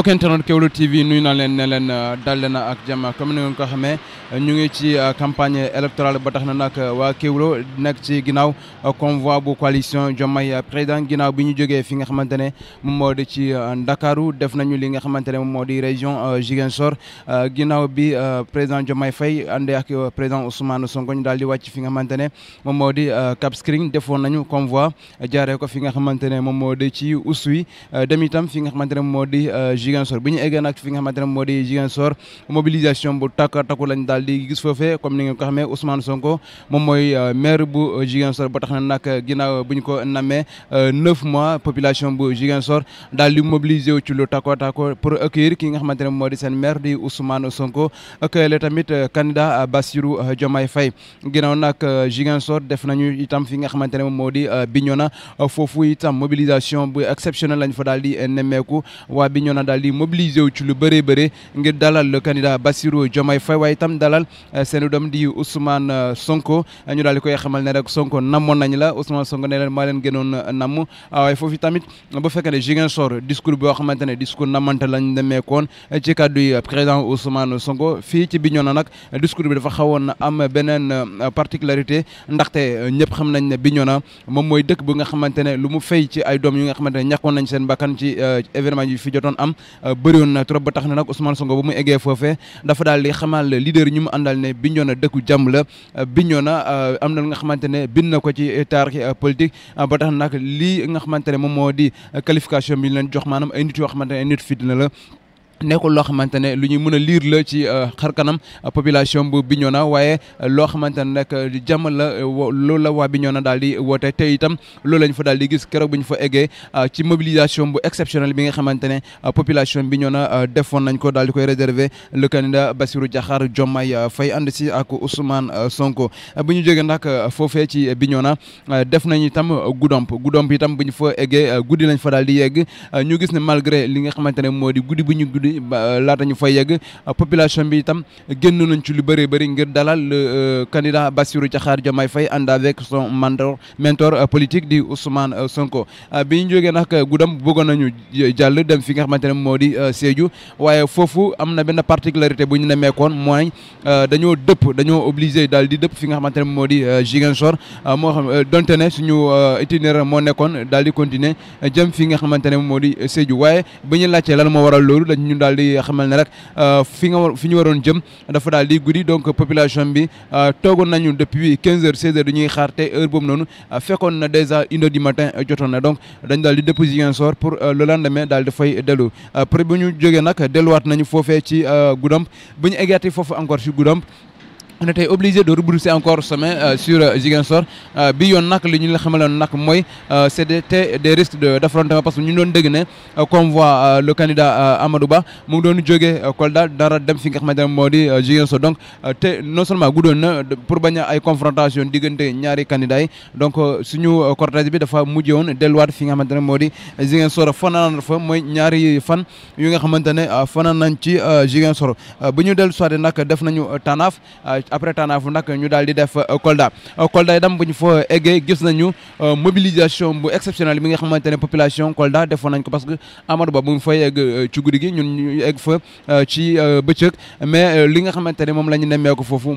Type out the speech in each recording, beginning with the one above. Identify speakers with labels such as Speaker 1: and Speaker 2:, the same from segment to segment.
Speaker 1: mbokk internet Kéwoulo TV nuy naa leen ne leen euh, dal leen ak jàmm comme ni ngeen ko xamee ñu ngi ci euh, campagne électorale ba tax na nag euh, waa Kéwoulo nekk ci ginaaw convoi bu coalition jomay président ginaaw bi ñu joggé fi nga xamante mom modi ci Ndakaaru def nañu li nga xamante mom modi région Ziguinchor ginaaw bi président jomay fay ande ak président Ousmane Sonko ñu daal di wàcc fi nga xamante mom modi Cap Skirring defoon nañu convoi jaaree ko fi nga xamante mom modi ci Oussouye demi tam fi nga xamante mom modi Ziguinchor bi ñu eggee nag fi nga xamante ne mobilisation bu takk takku lañ daal di gis comme ni nga ko Ousmane Sonko moom mooy euh, maire bu Ziguinchor euh, ba tax na nag ginnaaw ko euh, neuf mois population bu Ziguinchor daal mobiliser wu ci lu takko pour accueillir ki nga xamante ne moo di maire di Ousmane Sonko le tamit candidat Bassirou Diomaye Faye ginnaaw nag Ziguinchor def nañu itam fi nga xamante ne moo di Bignona itam mobilisation bu exceptionnelle lañ fa daal di nemmeeku Bignona daal di mobiliser wu ci lu bëree bëri ngir dalal le candidat Bassirou Diomaye Faye waaye itam dalal euh, seen doom di Ousmane euh, Sonko ñu daal di koy xamal ne rek Sonko namoon nañ la Ousmane Sonko ne leen maa leen gënoon euh, namm ah, waaye foofu tamit bu fekkee ne Ziguinchor discours boo xamante ne discours namante lañ demeekoon ci kàddu yi Sonko fii ci Bignona nag discours bi dafa xawoon am beneen particularité ndaxte ñëpp xam nañ ne Bignona moom mooy dëkk bu nga xamante ne lu mu fay ci ay doom yu nga xamante ne ñàkkoon nañ seen bakkan ci événement yi fi jotoon am Euh, bëriwoon na trop ba tax na nag Ousmane Sonko ba mu eggee foofee dafa daal di xamal leader yi ñu mu àndal ne Bignona dëkku jàmm la euh, Bignona euh, am na nga xamante ne bind na ko ci taarixi politique ba tax nag lii nga xamante ne moom moo di qualification bi ñu jox maanaam ay nit yoo xamante ne ay nit fit na la nekkul loo xamante ne lu ñuy mën a liir la ci euh, xarkanam euh, population bu Bignona waaye euh, loo xamante ne nag jàmm la loolu la waa Bignona daal di woote te itam loolu lañ fa daal di gis keroog bu ñu fa eggee ci mobilisation bu exceptionnelle bi nga xamante ne population Bignona defoon nañ ko daal di koy réserver le candidat Bassirou Diakhar Diomaye Faye ànd si ak Ousmane Sonko bu ñu jógee nag foofee ci Bignona def nañ itam guddomp guddomp itam bu ñu fa eggee guddi lañ fa daal di yegg ñu gis ne malgré li nga xamante ne moo di guddi bu ñu guddi bi euh, laata ñu fay yegg population bi génn nañ ci lu bëree bëri ngir dalal le euh, candidat Bassirou Diakhar Diomaye Faye ànd avec son mentor mentor euh, politique di Ousmane Sonko bi ñu jógee nag gudam bëggoon nañu jàll dem fi nga xamante ne moo di Sédhiou waaye foofu am na benn particularité bu ñu nemmeekoon mooy dañoo dëpp dañoo obligé daal di dëpp fi nga xamante ne moo di Ziguinchor moo xam donte ne suñu moo nekkoon daal di continuer jëm fi nga xamante ne moo di waaye bu ñu laajtee lan moo waral loolu dañ daal di xamal ne rek euh, fi nga fi ñu waroon jëm dafa daal di guddi donc population bi euh, toogoon nañu depuis quinze heures 16 heures dañuy xaar te heure boobu noonu euh, fekkoon na déjà une heure du matin jotoon na donc dañ daal di dëpp Ziguinchor pour le lendemain daal di fay dellu après bu ñu jógee nag delluwaat nañu foofee ci Goudomp bu ñu eggaatee foofu encore ci Goudomp on était obligé de rebrousser encore chemin euh, sur euh, Ziguinchor euh, bi yoon nag li ñu la xamaloon nag mooy euh, c'était des risques de d'affrontement parce que ñu doon dégg euh, comme voit le candidat Amadou Ba mu ngi doon jógee Kolda dara dem fi nga xamante ne moo donc te non seulement guddoon na pour bañ ay confrontation diggante ñaari candidats donc suñu cortège bi dafa mujjee woon delluwaat fi nga xamante ne moo di Ziguinchor fanaan fa mooy ñaari fan yu nga xamante ne fanaan nañ ci Ziguinchor bu ñu dellu soirée nag def nañu tanaaf après Tanafu nak ñu daldi def euh, Kolda euh, Kolda dam buñ ñu fa eggee gis nañu euh, mobilisation bu exceptionnelle mi nga xamantene population Kolda defo nañ ko parce que Amadou Ba buñ ngi fay ci guddi gi ñun ñu egg fa ci bëccëg mais li nga xamantene mom lañu la ñu nemmeeku foofu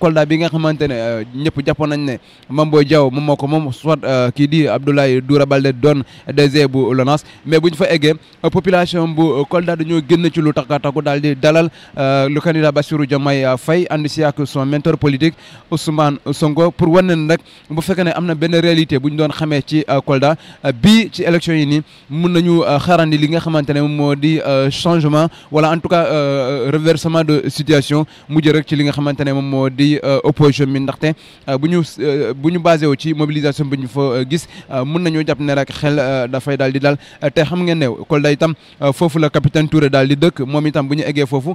Speaker 1: Kolda bi nga xamantene ne ñëpp jàppoon nañ ne Mamboy Diaw moom moo ko moom soit kii di Abdoulaye Doura balde doon des bu LONAS mais buñ fa égué population bu Kolda dañu génn ci lu tax a daldi dalal le candidat Bassirou Diomaye fay ànd si ak ak son mentor politique Ousmane Sonko pour wan ne nag bu fekkee ne am na benn réalité bu ñu doon xamee ci euh, Kolda euh, bii ci élection yi nii mun nañu euh, xaarandi li nga xamante ne moo di changement wala en tout cas reversement de situation mujj rek ci li nga xamante ne moom moo di opposition bi ndaxte bu ñu bu ñu basé wu ci mobilisation bu ñu fa gis mun nañoo jàpp ne rek xel dafay daal di daal te xam ngeen ne Kolda itam foofu la capitaine Touré daal di dëkk moom itam bu ñu eggee foofu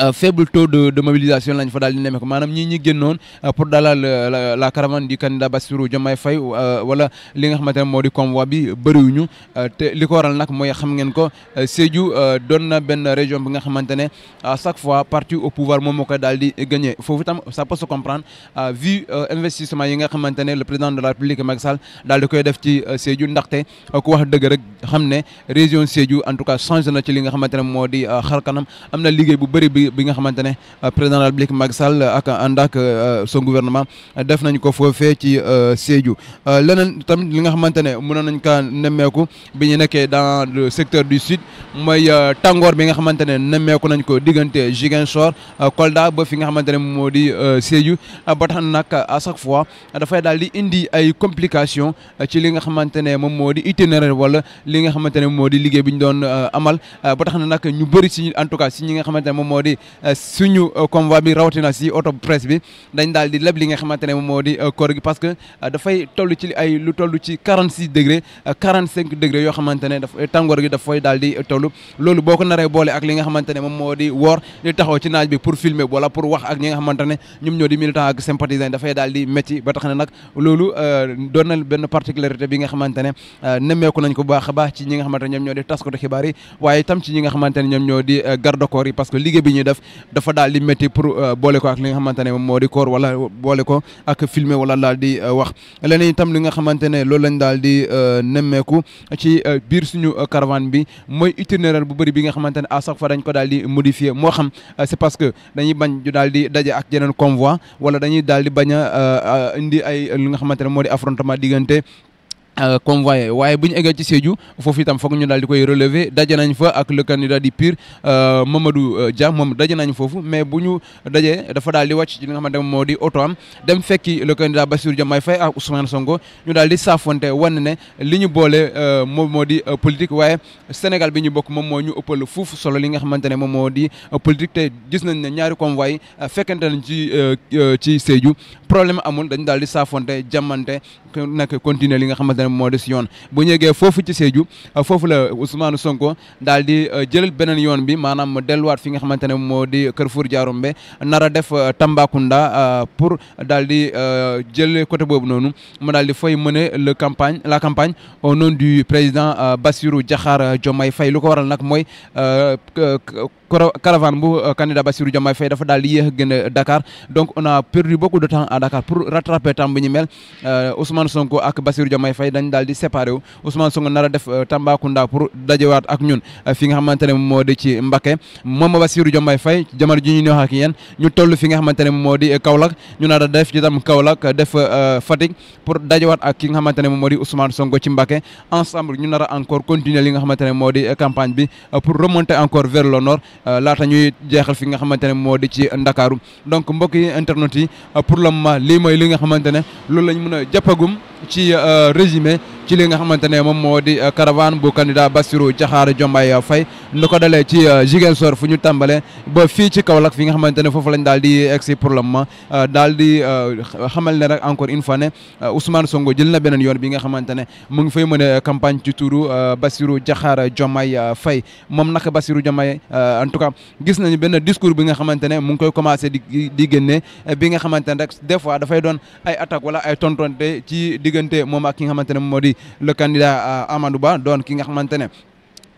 Speaker 1: Euh, faible taux de de mobilisation lañ fa dal di nemmeeku maanaam ñii ñi génnoon euh, pour dalal euh, la caravane du candidat Bassirou Diomaye Faye wala li nga xamante modi moo convoi bi bëriwuñu te li ko waral nak moy xam ngeen ko Sédhiou doon na région bi nga xamante à chaque fois parti au pouvoir mom moo dal di gagné fofu tam ça peut se comprendre vu investissement yi nga xamante le président de la République Macky Sall dal di koy def ci Sédhiou ndaxte ko wax dëgg rek xamné région Sédhiou en tout cas changé na ci li nga xamante modi moo di xarkanam am liggéey bu bëri bi bi euh, président de la République Macky Sall ak ànd ak euh, son gouvernement def nañ ko foofee ci euh, Sédhiou leneen tamit li nga xamante ne mënoon nañ kaa nemmeeku bi ñu nekkee dans le secteur du sud mooy tangoor bi nga xamante ne nemmeeku nañ ko diggante Ziguinchor Kolda ba fi nga xamante ne moo di Sédhiou ba tax à chaque fois dafay daal di indi ay complications ci li nga xamante ne moom moo di itinéraire wala li nga xamante ne moo di liggéey bi ñu doon amal ba tax na nag ñu bëri si di eh, suñu eh, convoi bi rawatina si auto presse bi dañ daal di leb li nga xamante moom moo di eh, koor gi parce que dafay toll ci ay lu toll ci 46 degré yoo xamante ne gi dafay daal di toll loolu boo ko naree boole ak li nga xamante ne moom moo di woor di taxaw ci naaj bi pour filmer wala pour wax ak ñi nga xamante ñoom ñoo di militant ak ko waaye itam ci ñi nga xamante ñoom ñoo di garde corps yi parce que liggéey bi ñuy def dafa daal di métti pour euh, boole ko ak li nga xamante ne moom moo di koor wala boole ko ak filmer wala daal di euh, wax leneen tam li nga xamante ne loolu lañ daal di euh, nemmeeku ci biir suñu caravane bi mooy itinéraire bu bëri bi nga xamante ne à chaque dañ ko daal di modifier moo xam c'est parce que dañuy bañ ñu daal di daje ak jeneen convoi wala dañuy daal di bañ indi ay li nga xamante ne moo di affrontement diggante Euh, convoyé waaye bu ñu eggee ci Sédhiou foofu itam foog ñu daal di koy relever daje nañ fa ak le candidat du PUR euh, Mamadou euh, Dia moom daje nañ foofu mais bu ñu dajee dafa daal di wàcc ci li nga xamante moo di oto am dem fekki le candidat Bassirou Diomaye Faye ak Ousmane Sonko ñu daal di saafonte wan ne li ñu boole moom moo di politique waaye Sénégal bi ñu bokk moom moo ñu ëppal fuuf solo li nga xamante ne moom moo di politique te gis nañ ne ñaari convoy fekkente nañ ci ci Sédhiou problème amul dañu daal di saafonte jàmmante nag continuer li nga xamante xamante sion bu ñëgé fofu ci Sédhiou fofu la Ousmane Sonko Daldi di euh, jëlal beneen yoon bi maanaam delluwaat fi nga xamante modi moo di Kër def euh, Tambacounda euh, pour Daldi jël côté bobu nonu mu daldi fay mener le campagne la campagne au nom du président Bassirou Diakhar Diomaye Fay lu ko waral nak moy caravane bu euh, candidat Bassirou Diomaye Faye dafa daal Dakar donc on a perdu beaucoup de temps à Dakar pour rattraper temps bi mel euh, Ousmane Sonko ak Bassirou Diomaye Faye dañ daal di Ousmane Sonko nara def euh, Tamba pour dajewaat ak ñun fi nga xamantene ne moo ci Mbacké moom Bassirou Diomaye Faye jamar ji ñu wax ak yéen ñu tollu fi nga xamantene ne di Kaolack ñu nara def ci tam Kaolack def Fatick pour dajewaat ak ki nga xamantene ne di Ousmane Sonko ci Mbacké ensemble ñu nara encore continuer li nga xamantene campagne bi pour remonter encore vers le nord Euh, laata ñuy jeexal fi nga xamante ne moo di ci ndakaaru donc mbokk yi internet euh, yi pour le moment lii mooy li nga xamante ne loolu lañ mën a jàppagum ci euh, résumé ci li nga xamante ne moom moo di euh, caravane bu candidat Bassirou Diakhar Diomaye Faye nu ko dalee ci euh, Ziguinchor fu ñu tàmbale ba fi ci Kaolack fi nga xamante ne foofu lañ daal di egsi pour le moment euh, daal di xamal ne rek encore une fois ne Ousmane Sonko jël na beneen yoon bi nga xamante ne mu ngi fay mën a campagne ci turu Bassirou Diakhar Diomaye Faye moom nag Bassirou Diomaye en tout cas gis nañu benn discours bi nga xamante ne mu ngi koy commencé di di génne bi nga xamante ne rek des fois dafay doon ay attaque wala ay tontonte ci diggante moom ak ki nga xamante ne moo di le candidat euh, Amadou Ba doon ki nga xamante ne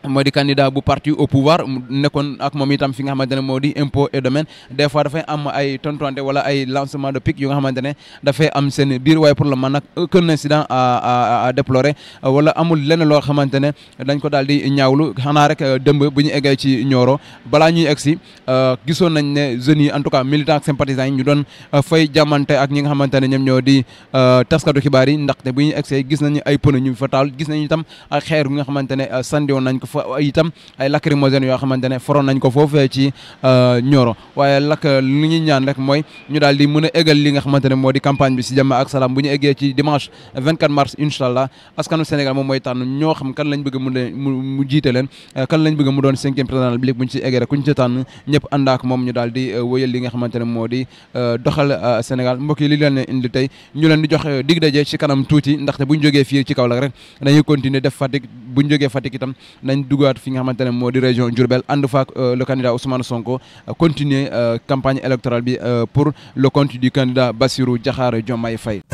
Speaker 1: moo di candidat bu parti au pouvoir nekkoon ak moom itam fi nga xamante ne moo di impôt et domaine des fois dafay am ay tontonte wala ay lancement de pic yu nga xamante ne dafay am seen biir waaye pour le moment nag aucun incident à à déplorer wala amul lenn loo xamante ne dañ ko daal di ñaawlu xanaa rek euh, dëmb bu ñu eggee ci Nioro balaa ñuy egg si euh, gisoon nañ ne jeunes yi en tout cas militants ak sympathisants yi ñu doon euh, fay jàmmante ak ñi nga xamante ne ñoom ñoo di taskatu xibaar yi ndaxte bu ñu egg see gis nañu ay pneu ñu fa taal gis nañu tam ay xeer yu nga xamante ne sandiwoon nañ ko itam ay lacrymogènes yoo xamante ci euh, Nioro waaye lakk euh, li ñuy ñaan rek mooy ñu daal di mën a eggal li nga xamante ne moo di campagne bi si jàmm ak salaam bu ñu eggee ci dimanche 24 mars incha askanu Sénégal moom mooy tànn ñoo xam kan lañ bëgg mu leen mu jiite leen euh, mu doon cinquième la République bu ñu si eggee rek ku ñu si tànn ñëpp ànd moom ñu daal di wëyal li nga xamante ne moo di doxal Sénégal mbokk yi li leen leen indi tey ñu leen di jox dig daje ci kanam tuuti ndaxte bu ñu fii ci Kaolack rek buñ nañ fi nga région euh, le candidat Ousmane Sonko euh, continuer euh, campagne électorale pour le compte du candidat Bassirou Diakhar Diomaye Faye